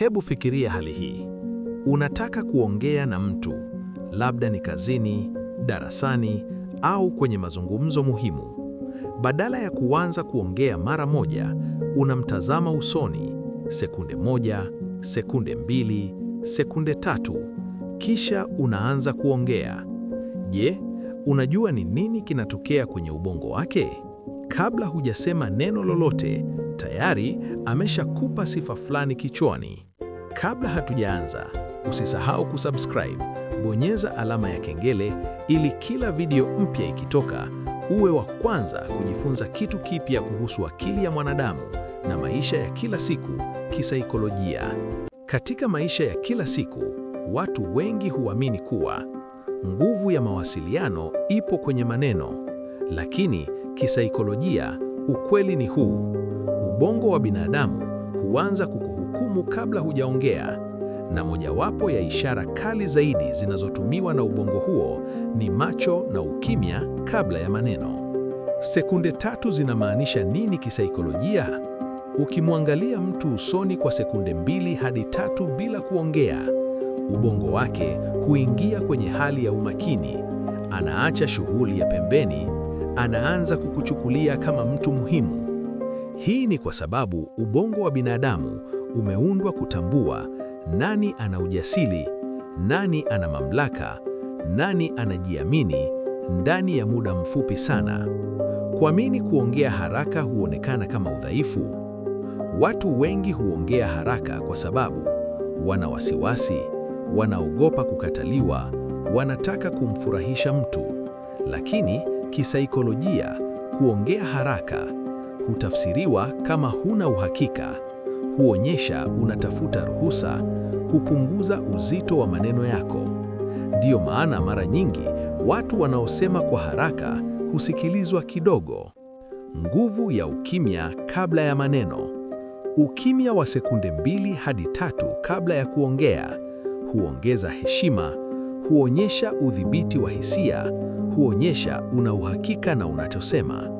Hebu fikiria hali hii. Unataka kuongea na mtu, labda ni kazini, darasani au kwenye mazungumzo muhimu. Badala ya kuanza kuongea mara moja, unamtazama usoni, sekunde moja, sekunde mbili, sekunde tatu, kisha unaanza kuongea. Je, unajua ni nini kinatokea kwenye ubongo wake? Kabla hujasema neno lolote, tayari ameshakupa sifa fulani kichwani. Kabla hatujaanza, usisahau kusubscribe, bonyeza alama ya kengele ili kila video mpya ikitoka uwe wa kwanza kujifunza kitu kipya kuhusu akili ya mwanadamu na maisha ya kila siku kisaikolojia. Katika maisha ya kila siku, watu wengi huamini kuwa nguvu ya mawasiliano ipo kwenye maneno, lakini kisaikolojia ukweli ni huu: ubongo wa binadamu huanza kuku hukumu kabla hujaongea, na mojawapo ya ishara kali zaidi zinazotumiwa na ubongo huo ni macho na ukimya kabla ya maneno. Sekunde tatu zinamaanisha nini kisaikolojia? Ukimwangalia mtu usoni kwa sekunde mbili hadi tatu bila kuongea, ubongo wake huingia kwenye hali ya umakini, anaacha shughuli ya pembeni, anaanza kukuchukulia kama mtu muhimu. Hii ni kwa sababu ubongo wa binadamu umeundwa kutambua nani ana ujasiri, nani ana mamlaka, nani anajiamini ndani ya muda mfupi sana. Kuamini kuongea haraka huonekana kama udhaifu. Watu wengi huongea haraka kwa sababu wana wasiwasi, wanaogopa kukataliwa, wanataka kumfurahisha mtu. Lakini kisaikolojia, kuongea haraka hutafsiriwa kama huna uhakika huonyesha unatafuta ruhusa, hupunguza uzito wa maneno yako. Ndiyo maana mara nyingi watu wanaosema kwa haraka husikilizwa kidogo. Nguvu ya ukimya kabla ya maneno. Ukimya wa sekunde mbili hadi tatu kabla ya kuongea huongeza heshima, huonyesha udhibiti wa hisia, huonyesha una uhakika na unachosema.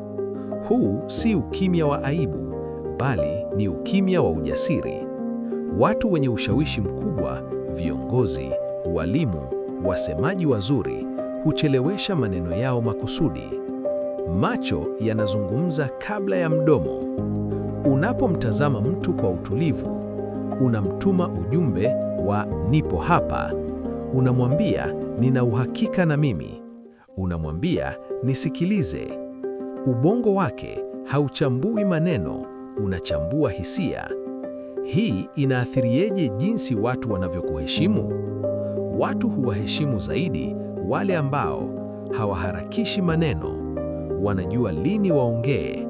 Huu si ukimya wa aibu, bali ni ukimya wa ujasiri. Watu wenye ushawishi mkubwa, viongozi, walimu, wasemaji wazuri, huchelewesha maneno yao makusudi. Macho yanazungumza kabla ya mdomo. Unapomtazama mtu kwa utulivu, unamtuma ujumbe wa nipo hapa. Unamwambia nina uhakika na mimi, unamwambia nisikilize. Ubongo wake hauchambui maneno unachambua hisia. Hii inaathirieje jinsi watu wanavyokuheshimu? Watu huwaheshimu zaidi wale ambao hawaharakishi maneno, wanajua lini waongee,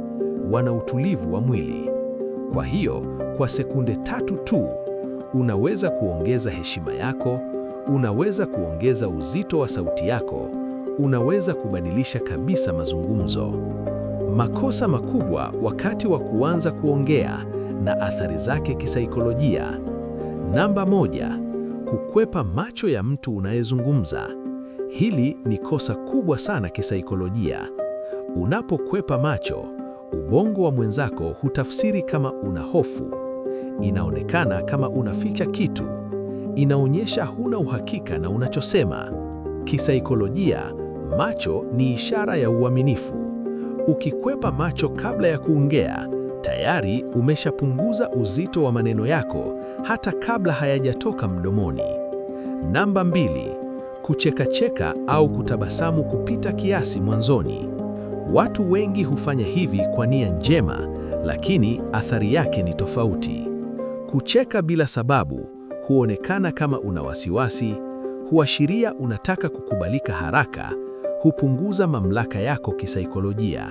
wana utulivu wa mwili. Kwa hiyo, kwa sekunde tatu tu unaweza kuongeza heshima yako, unaweza kuongeza uzito wa sauti yako, unaweza kubadilisha kabisa mazungumzo. Makosa makubwa wakati wa kuanza kuongea na athari zake kisaikolojia. Namba moja, kukwepa macho ya mtu unayezungumza. Hili ni kosa kubwa sana kisaikolojia. Unapokwepa macho, ubongo wa mwenzako hutafsiri kama una hofu. Inaonekana kama unaficha kitu. Inaonyesha huna uhakika na unachosema. Kisaikolojia, macho ni ishara ya uaminifu. Ukikwepa macho kabla ya kuongea, tayari umeshapunguza uzito wa maneno yako hata kabla hayajatoka mdomoni. Namba mbili, kuchekacheka au kutabasamu kupita kiasi mwanzoni. Watu wengi hufanya hivi kwa nia njema, lakini athari yake ni tofauti. Kucheka bila sababu huonekana kama una wasiwasi, huashiria unataka kukubalika haraka, hupunguza mamlaka yako kisaikolojia.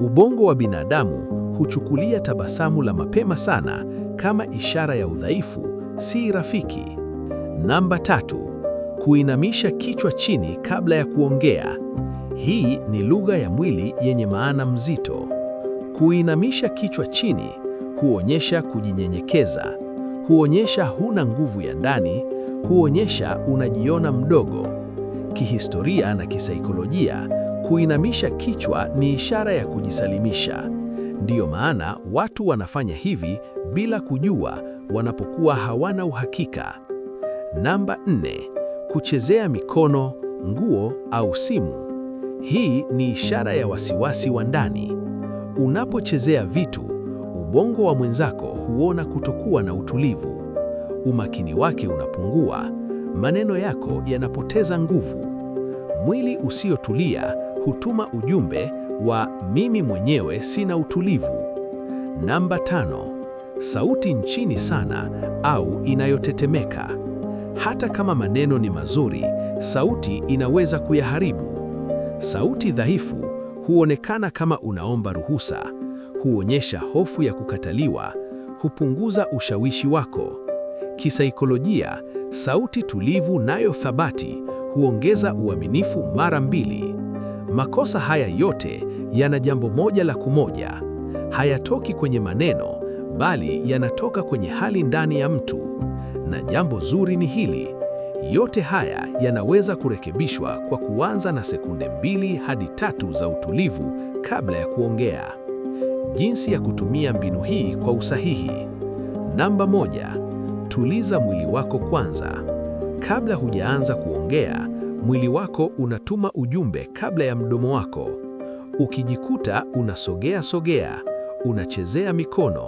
Ubongo wa binadamu huchukulia tabasamu la mapema sana kama ishara ya udhaifu, si rafiki. Namba tatu, kuinamisha kichwa chini kabla ya kuongea. Hii ni lugha ya mwili yenye maana mzito. Kuinamisha kichwa chini huonyesha kujinyenyekeza, huonyesha huna nguvu ya ndani, huonyesha unajiona mdogo. Kihistoria na kisaikolojia, Kuinamisha kichwa ni ishara ya kujisalimisha. Ndiyo maana watu wanafanya hivi bila kujua wanapokuwa hawana uhakika. Namba nne, kuchezea mikono, nguo au simu. Hii ni ishara ya wasiwasi wa ndani. Unapochezea vitu, ubongo wa mwenzako huona kutokuwa na utulivu. Umakini wake unapungua, maneno yako yanapoteza nguvu. Mwili usiotulia hutuma ujumbe wa mimi mwenyewe sina utulivu. Namba tano, sauti nchini sana au inayotetemeka. Hata kama maneno ni mazuri, sauti inaweza kuyaharibu. Sauti dhaifu huonekana kama unaomba ruhusa, huonyesha hofu ya kukataliwa, hupunguza ushawishi wako. Kisaikolojia, sauti tulivu nayo thabati huongeza uaminifu mara mbili. Makosa haya yote yana jambo moja la kumoja, hayatoki kwenye maneno, bali yanatoka kwenye hali ndani ya mtu. Na jambo zuri ni hili, yote haya yanaweza kurekebishwa kwa kuanza na sekunde mbili hadi tatu za utulivu kabla ya kuongea. Jinsi ya kutumia mbinu hii kwa usahihi. Namba moja, tuliza mwili wako kwanza. Kabla hujaanza kuongea, Mwili wako unatuma ujumbe kabla ya mdomo wako. Ukijikuta unasogea sogea, unachezea mikono,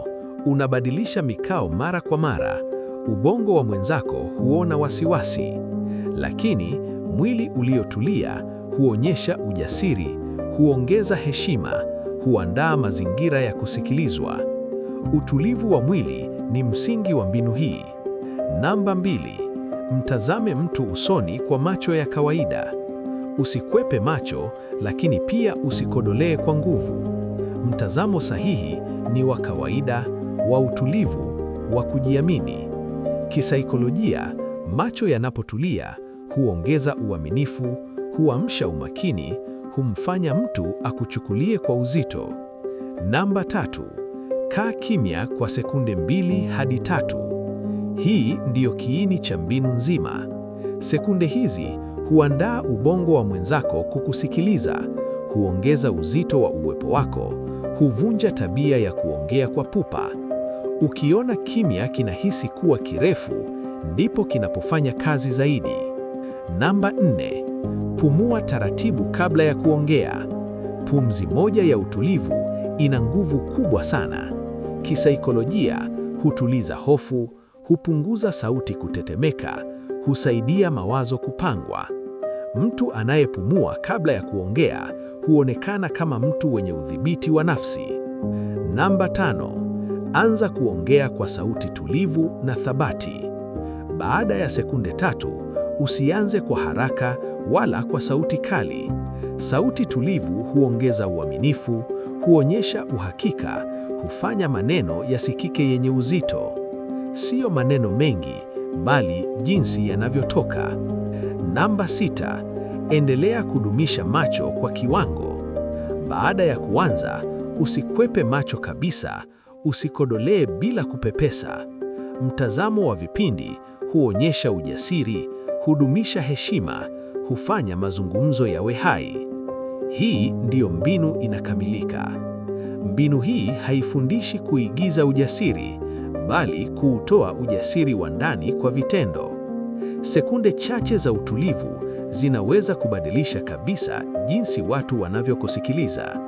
unabadilisha mikao mara kwa mara, ubongo wa mwenzako huona wasiwasi, lakini mwili uliotulia huonyesha ujasiri, huongeza heshima, huandaa mazingira ya kusikilizwa. Utulivu wa mwili ni msingi wa mbinu hii. Namba mbili: mtazame mtu usoni kwa macho ya kawaida. Usikwepe macho, lakini pia usikodolee kwa nguvu. Mtazamo sahihi ni wa kawaida, wa utulivu, wa kujiamini. Kisaikolojia, macho yanapotulia huongeza uaminifu, huamsha umakini, humfanya mtu akuchukulie kwa uzito. Namba tatu, kaa kimya kwa sekunde mbili hadi tatu. Hii ndiyo kiini cha mbinu nzima. Sekunde hizi huandaa ubongo wa mwenzako kukusikiliza, huongeza uzito wa uwepo wako, huvunja tabia ya kuongea kwa pupa. Ukiona kimya kinahisi kuwa kirefu, ndipo kinapofanya kazi zaidi. Namba nne, pumua taratibu kabla ya kuongea. Pumzi moja ya utulivu ina nguvu kubwa sana. Kisaikolojia hutuliza hofu hupunguza sauti kutetemeka, husaidia mawazo kupangwa. Mtu anayepumua kabla ya kuongea huonekana kama mtu wenye udhibiti wa nafsi. Namba tano, anza kuongea kwa sauti tulivu na thabati. Baada ya sekunde tatu, usianze kwa haraka wala kwa sauti kali. Sauti tulivu huongeza uaminifu, huonyesha uhakika, hufanya maneno yasikike yenye uzito siyo maneno mengi, bali jinsi yanavyotoka. Namba sita, endelea kudumisha macho kwa kiwango. Baada ya kuanza, usikwepe macho kabisa, usikodolee bila kupepesa. Mtazamo wa vipindi huonyesha ujasiri, hudumisha heshima, hufanya mazungumzo yawe hai. Hii ndiyo mbinu inakamilika. Mbinu hii haifundishi kuigiza ujasiri, bali kuutoa ujasiri wa ndani kwa vitendo. Sekunde chache za utulivu zinaweza kubadilisha kabisa jinsi watu wanavyokusikiliza.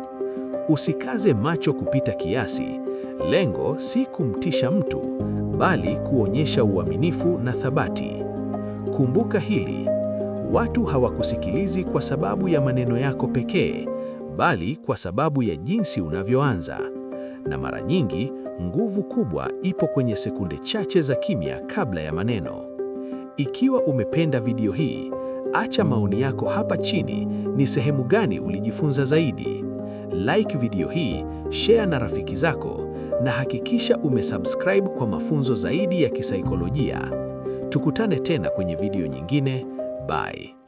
Usikaze macho kupita kiasi. Lengo si kumtisha mtu, bali kuonyesha uaminifu na thabati. Kumbuka hili, watu hawakusikilizi kwa sababu ya maneno yako pekee, bali kwa sababu ya jinsi unavyoanza. Na mara nyingi Nguvu kubwa ipo kwenye sekunde chache za kimya kabla ya maneno. Ikiwa umependa video hii, acha maoni yako hapa chini, ni sehemu gani ulijifunza zaidi? Like video hii, share na rafiki zako na hakikisha umesubscribe kwa mafunzo zaidi ya kisaikolojia. Tukutane tena kwenye video nyingine. Bye.